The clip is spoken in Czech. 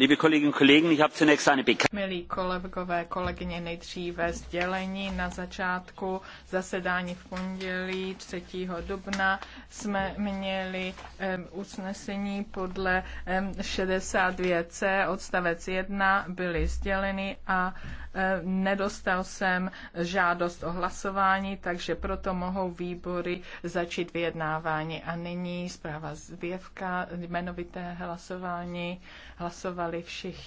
Milí kolegové, kolegyně, nejdříve sdělení na začátku zasedání v pondělí 3. dubna jsme měli um, usnesení podle um, 62c odstavec 1 byly sděleny a um, nedostal jsem žádost o hlasování, takže proto mohou výbory začít vyjednávání. A nyní zpráva z Věvka, jmenovité hlasování, hlasovali dělali všichni.